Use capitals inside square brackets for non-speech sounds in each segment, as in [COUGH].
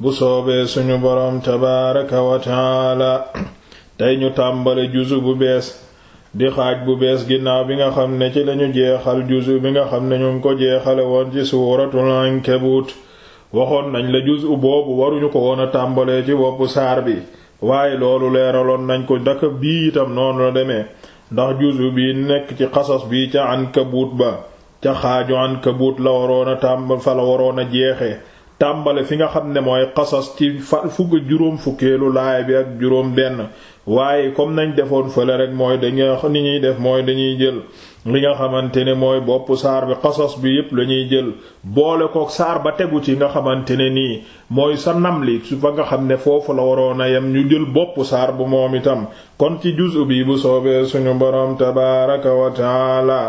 bu soobee suñu boroom tabaaraka wa taala tey ñu tàmbale juzu bu bees di xaaj bu bees ginnaaw bi nga xam ne ci lañu jeexal juzu bi nga xam ne ñu ngi ko jeexale woon ci suuratul ankabut waxoon nañ la juzu boobu waruñu ko woon a tàmbalee ci boppu saar bi waaye loolu leeraloon nañ ko daka bii itam noonu la demee ndax juzu bi nekk ci xasas bi ca ankabut ba ca xaaju ankabut la waroon a tàmbal fa la waroon a jeexee tàmbale fi nga xam ne mooy qasas ci fa fukk juróom fukkeelu laay bi ak juróom benn waaye comme nañu defoon fële rek mooy dañuy ni ñuy def mooy dañuy jël li nga xamante ne mooy bopp saar bi xasas bi yépp la jël boole ko saar ba tegu ci nga xamante ne nii mooy sa nam li su fa nga xam ne foofu la waroon a yem ñu jël bopp saar bu moom itam kon ci juzu bi bu soobee suñu boroom tabaaraka wa taala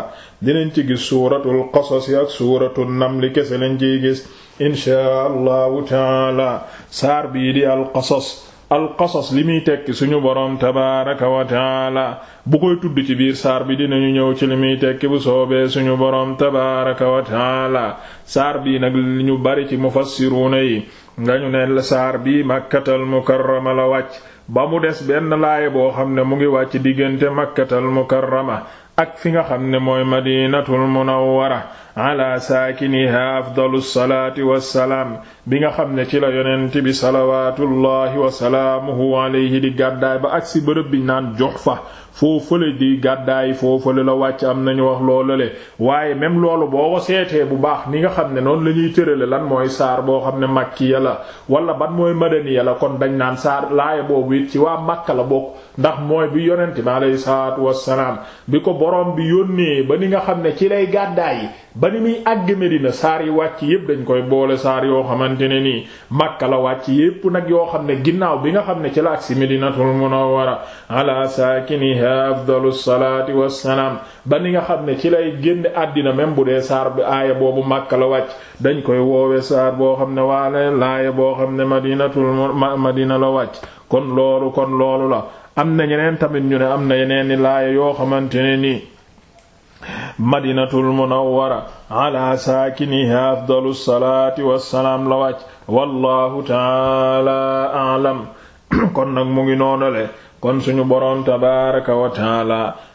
dinañ ci gis suuratul qasas ak suuratul namli kese lañ ciy gis inchaa allahu taala saar bii di al qasas alqasas li muy tekki suñu boroom tabaaraka wa taala bu koy tudd ci biir saar bi dinañu ñëw ci li muy tekki bu soobee suñu boroom tabaaraka wa taala saar bi nag ñu bari ci mufassiruuna yi nga ñu ne saar bi makkatal mukarrama la wàcc ba mu des benn laaya boo xam ne mu ngi wàcc diggante makkatal mukarrama ak fi nga xam ne mooy madinatul munawwara ala saakiniha afdalu salaati wassalaam bi nga xam ne ci la yonent bi salawaatullahi wa salaamuhu alayhi di gàddaay ba agsi bërëb bi naan Juhfa foo fële di gàddaay foo fële la wàcc am nañu wax loolu le waaye même loolu boo ko seetee bu baax ni nga xam ne noonu la ñuy tërale lan mooy saar boo xam ne makkiya la wala ban mooy madaniya la kon dañ naan saar laaya boobu ci waa Makka la bokk ndax mooy bi yonente bi alayhi salaatu wassalaam bi ko borom bi yónnee ba ni nga xam ne ci lay gàddaay ba ni muy àgg Medina saar yi wàcc yépp dañ koy boole saar yoo xamante ne nii Makka la wàcc yépp nag yoo xam ne ginnaaw bi nga xam ne ci la agsi Medinatul Munawwara ala saakiniha alayha afdalu salaati wassalaam ba ni nga xam ne ci lay génn àddina même bu dee saar bi aaya boobu Makka la wàcc dañ koy woowe saar boo xam ne waa laaya boo xam ne madinatul madina la wàcc kon loolu kon loolu la am na ñeneen tamit ñu ne am na yeneen ni laaya yoo xamante ne nii madinatul munawwara ala saakiniha afdalu salaati salaam la wàcc wallahu taala alam [COUGHS] kon nag mu ngi noonale kon suñu boroom tabaaraka wa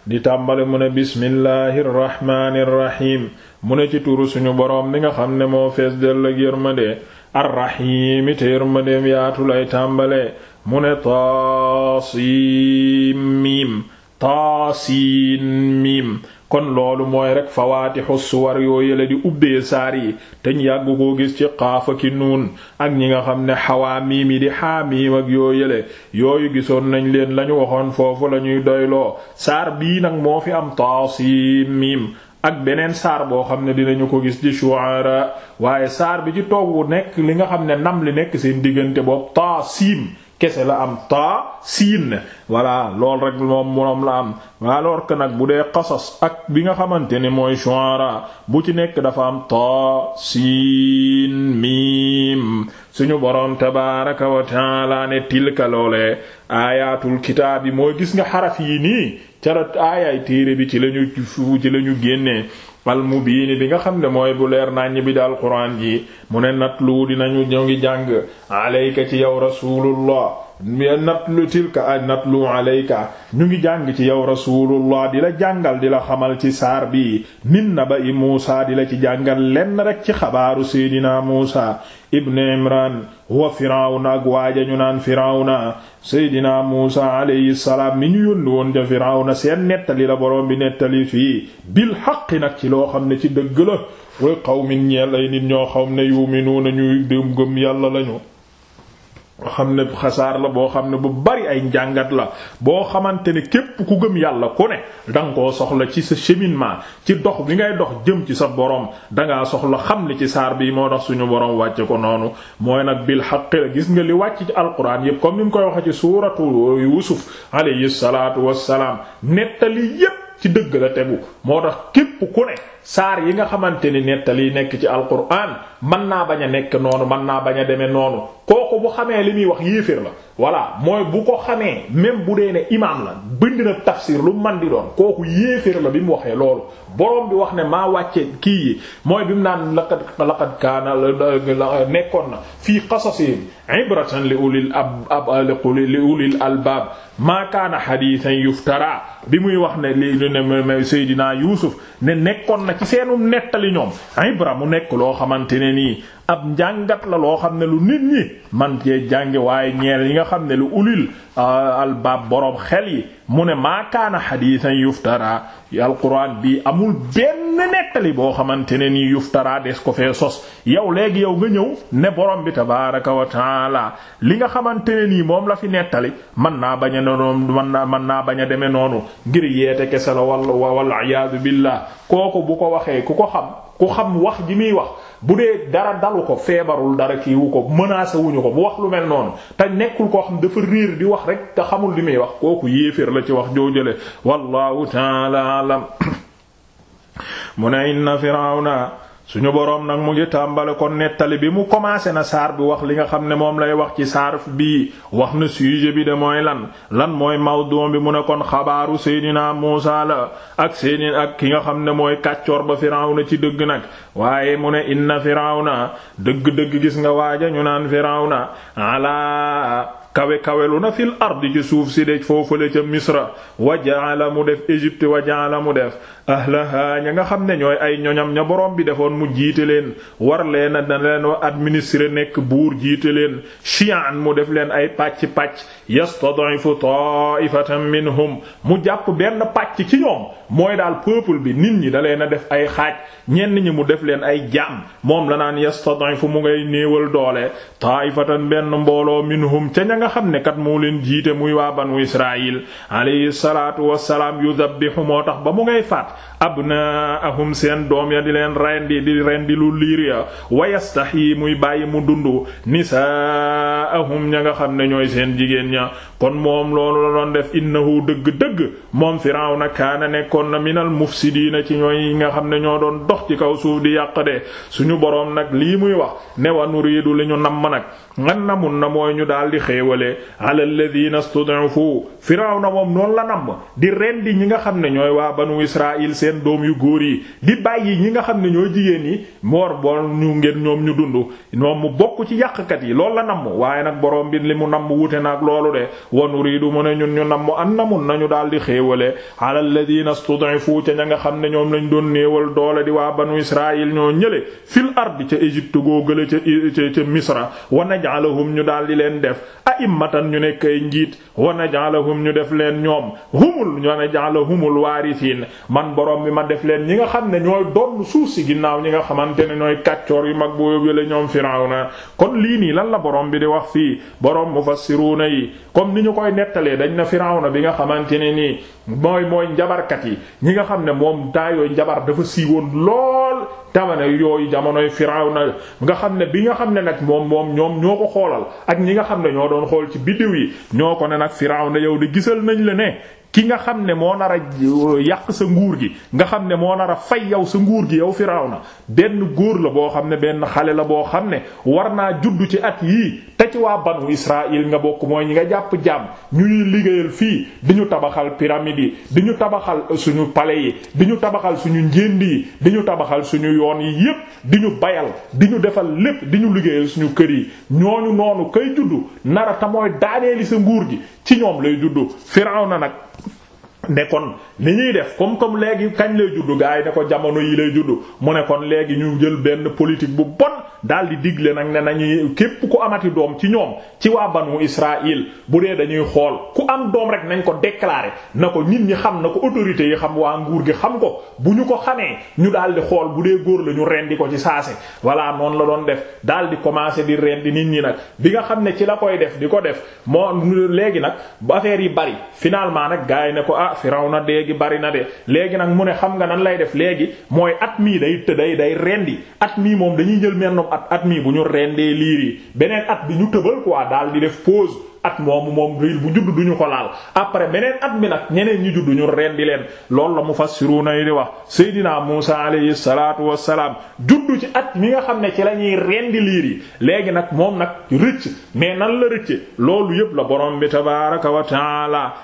di tàmbale mu ne bismillaahi rrahmaani rrahiim mu ne ci turu suñu boroom bi nga xam ne moo fees dell ak yërmande arrahiimi te yërmandeem yaatu tàmbale mu ne taasiim taasiin miim kon loolu mooy rek fawaatixu suwar yoo yële di ubbee saar yi teñ yàgg koo gis ci xaafa ki nuun ak ñi nga xam ne xawaa miim yi di xaamiim ak yoo yële yooyu gisoon nañ leen lañu waxoon foofu lañuy doyloo saar bii nag moo fi am taasiin miim ak beneen saar boo xam ne dinañu ko gis ci shu'ara waaye saar bi ci toog wu nekk li nga xam ne ndam li nekk seen diggante boobu taasiim kese la am taa siin voilà lool rek moom moom la am alors que nag bu dee qasas ak bi nga xamante ne mooy shu'ara bu ci nekk dafa am taa siin miim suñu boroom tabaaraka wa ta'aala ne tilka loole aayatul kitaabi mooy gis nga xaraf yi nii carat aayaay téere bi ci lañu ci lañu génnee al mubiini bi nga xam ne mooy bu leer naññ bi daal quraan ji mu ne natlu dinañu ñoo ngi jàng alayka ci yow rasulullah natlu tilka ay natlu alayka ñu ngi jàng ci yow rasulullah di la jàngal di la xamal ci saar bi min na naba'i Muusa di la ci jàngal lenn rek ci xabaaru seydinaa Muusa ibn Imran wa Firawna ak waaja ñu naan Firawna seydinaa Muusa alayhi salaam mi ñu yónni woon ja Firawna seen nettali la boroom bi nettali fii bil haqqi nag ci loo xam ne ci dëgg la way qawmin ñeel ay nit ñoo ne yu'minuuna ñuy dëm gëm yàlla lañu xam ne xasaar la boo xam ne bu bari ay njàngat la boo xamante ne képp ku gëm yàlla ku ne danga koo soxla ci sa cheminement ci dox bi ngay dox jëm ci sa borom dangaa soxla xam li ci saar bi moo tax suñu borom wàcce ko noonu mooy nag bil xaqi gis nga li wàcc ci alquran yépp comme ni mu koy waxee ci suuratu yusuf alayhi salaatu wassalaam nettali yépp ci dëgg la tegu moo tax képp ku ne saar yi nga xamante ni nettali nekk ci alquran man naa bañ a nekk noonu man naa bañ a demee noonu kooku bu xamee li muy wax yéeféer la voilà mooy bu ko xamee même bu dee ne imaam la bind na tafsir lu man di doon kooku yéeféer la bi mu waxee loolu boroom bi wax ne maa wàcce kii yi mooy bi mu naan laqad laqad kaana nekkoon na fii qasasihim ibratan li ulil ab li ulil albaab maa bi muy wax ne li ne Seydina Yuusuf ne nekkoon na na ci seenu nettali ñoom ibra mu nekk loo xamante ne nii ab njàngat la loo xam ne lu nit ñi man cee jànge waaye ñeel yi nga xam ne lu ulil euh, albaab boroom xel yi mu ne maakaana xadiisan yuftara alquran bi amul benn benn nettali boo xamante ne nii yuftara des ko fee sos yow léegi yow nga ñëw ne borom bi tabaaraka wa taala li nga xamante ne nii moom la fi nettali man naa bañ a noonu man naa man naa bañ a demee noonu ngir yeete kese la walla walla iyaadu billah kooku bu ko waxee ku ko xam ku xam wax ji muy wax bu dee dara dalu ko feebarul dara kiiwu ko menacé wuñu ko bu wax lu mel noonu te nekkul koo xam dafa réer di wax rek te xamul li muy wax kooku yéeféer la ci wax joojale wallahu taala [COUGHS] mu ne inna firawna suñu boroom nag mu ngi tàmbale kon nettali bi mu commencé na saar bi wax li nga xam ne moom lay wax ci saar bii wax na sujet bi de mooy lan lan mooy mawdu bi mu ne kon xabaaru Seydina Muusa la ak Seydina ak ki nga xam ne mooy kàccoor ba Firawna ci dëgg nag waaye mu ne inna Firawna dëgg-dëgg gis nga waaja ñu naan Firawna ala kawe kawelu na fil ardi ci suuf si de foofale ca misra wa la mu def Égypte wa jaala mu def ahlaha ña nga xam ne ñooy ay ñoñam ña borom bi defoon mu jiite leen war leen a da leen wa administrer nekk buur jiite leen chian mu def leen ay pacc pàcc-pàcc yastadifu taifatan minhum mu jàpp benn pàcc ci ñoom mooy daal peuple bi nit ñi da leen def ay xaaj ñenn ñi mu def leen ay jaam moom la naan yastadifu mu ngay néewal doole taifatan benn mbooloo nga xam ne kat moo leen jiite muy waa banu israil alayhi salaatu wassalaam yudabbihu moo tax ba mu ngay faat abnaahum seen doom ya di leen rendi di rendi lu liir ya wa yastaxyi muy bàyyi mu dund dundu nisaahum ña nga xam ne ñooy seen jigéen ña kon moom loolu la doon def innahu dëgg-dëgg moom firawna kaana nekkoon na minal mufsidiina ci ñooy yi nga xam ne ñoo doon dox ci kaw suuf di yàq de suñu boroom nag lii muy wax ne wa nuriidu li ñu namm nag ngan xéewalee ala alladhina stud'ufu firawna moom noonu la namm di rendi ñi nga xam ne ñooy waa banu israil seen doom yu góor yi di bàyyi ñi nga xam ne ñooy jigéen yi moor bon ñu ngeen ñoom ñu dund ñoom mu bokk ci yàq kat yi lool la namm waaye nag borom bi li mu namm wute nag loolu de wa nuriidu mu ne ñun ñu namm an namun nañu daal di xéewale ala alladhina stud'ufu ca ña nga xam ne ñoom lañ doon néewal doole di waa banu israil ñoo ñële fil ardi ca Égypte goo gële ca ca Misra wa naj'aluhum ñu daal di leen def a'immatan ñu nekk ay njiit wa naj'alahum ñu def leen ñoom humul ñu naj'alahumul waarisiin man borom bi ma def leen ñi nga xam ne ñooy doon suuf si ginnaaw ñi nga xamante ne ñooy kàccoor yu mag boo yóbbu ñoom Firawna kon lii nii lan la borom bi di wax fii borom mufassiruuna yi comme ni ñu koy nettalee dañ na Firawna bi nga xamante ne nii mooy mooy njabarkat yi ñi nga xam ne moom taa yooyu njabar dafa siiwoon lool tamane yooyu jamonoy na nga xam ne bi nga xam ne nag moom moom ñoom ñoo ko xoolal ak ñi nga xam ne ñoo doon xool ci biddiw yi ñoo ko ne nag na yow de gisal nañ la ne ki nga xam ne moo nara euh, yàq sa nguur gi nga xam ne moo nar a fay yow sa nguur gi yow Firawna benn góor la boo xam ne benn xale la boo xam ne war naa juddu ci at yii te ci waa banu Israël nga bokk mooy ñi nga jàpp jàmm ñuy liggéeyal fii di ñu tabaxal pyramide yi di ñu tabaxal euh, suñu pale yi di ñu tabaxal suñu njënd yi di ñu tabaxal suñu yoon yi yépp di ñu bayal di ñu defal lépp di ñu liggéeyal suñu kër yi ñooñu noonu kay juddu nara ta mooy daaneeli sa nguur gi ci ñoom lay juddu Firawna nag ne kon ni ñuy def comme comme léegi kañ lay juddu gars yi ne ko jamono yi lay juddu mu ne koon léegi ñu jël benn politique bu bon daal di digle nag ne nañu képp ku amati doom ci ñoom ci waa banu Israël bu dee dañuy xool ku am doom rek nañ ko déclarer na ko nit ñi xam na ko autorité yi xam waa nguur gi xam ko bu ñu ko xamee ñu daal di xool bu dee góor la ñu rendi ko ci saase. voilà noonu la doon def daal di commencer di rendi nit ñi nag bi nga xam ne ci la koy def di ko def moo léegi nag affaire yi bari ah Firawna dee bari na de léegi nag mu ne xam nga nan lay def léegi mooy at mii day tëdday day rendi at mii moom dañuy jël mennum at at mii bu ñu rendee liir yi beneen at bi ñu tëbal quoi daal di def pause at moomu moom riil bu judd duñu ko laal après beneen at mi nag ñeneen ñi judd ñu rendi leen loolu la mu mufassiruna yi di wax seydina Muusa alayhi salaatu wassalaam juddu ci at mi nga xam ne ci la ñuy rendi liir yi léegi nag moom nag rëcc mais nan la rëcce loolu yëpp la borom bi tabaaraka wa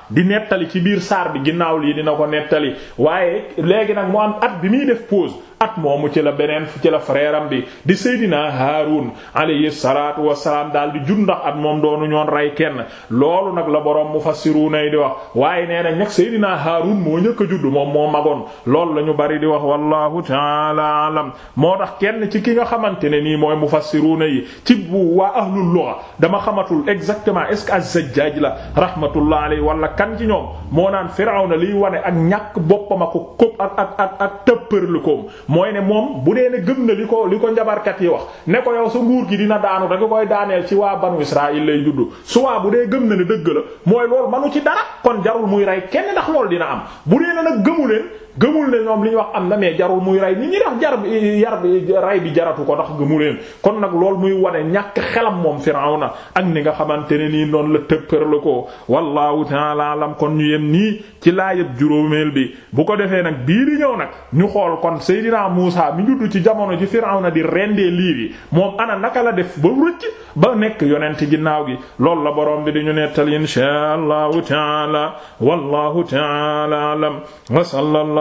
di nettali ci biir saar bi ginnaaw lii dina ko nettali waaye léegi nag mu am at bi muy def pause at moomu ci la beneen ci la frère bi di Seydina Haarun alayhi salaatu wassalaam daal di jur ndax at moom doonu ñoon rey kenn loolu nag la boroom yi di wax waaye nee na ñag Seydina Haarun moo njëkk a judd moom moo magoon loolu la ñu bari di wax wallahu taala alam moo tax kenn ci ki nga xamante ne nii mooy mufassiruna yi ci bu waa ahlul lugha dama xamatul exactement est-ce que az-Zajjaj la rahmatullah alayhi wala kan ci ñoom moo naan Firawna liy wane ak ñàkk boppam ak ko ak ak ak ak tëppërlikoom mooy ne moom bu dee ne gëm na li ko li ko njabarkat yi wax ne ko yow sa nguur gi dina daanu da nga koy daaneel ci waa banu Israël lay juddu soit bu dee gëm na ne dëgg la mooy loolu manu ci dara kon jarul muy rey kenn ndax loolu dina am bu dee ne nag gëmu leen gëmul ne ñoom li ñu wax am na mais jarul muy rey nit ñi ndax jar bi yar jaratu ko ndax gëmuleen kon nag loolu muy wane ñàkk xelam moom Firawna ak ni nga xamante ne nii noonu la tëppër la ko wallahu ta'ala alam kon ñu yem nii ci laa laayab juróomeel bi bu ko defee nag bii di ñëw nag ñu xool kon Seydina Muusa mi juddu ci jamono ji Firawna di rendee liir yi moom ana naka la def ba rëcc ba nekk yonent ginnaaw gi loolu la borom bi di ñu nettal insha allahu ta'ala wallahu ta'ala alam wa sallallahu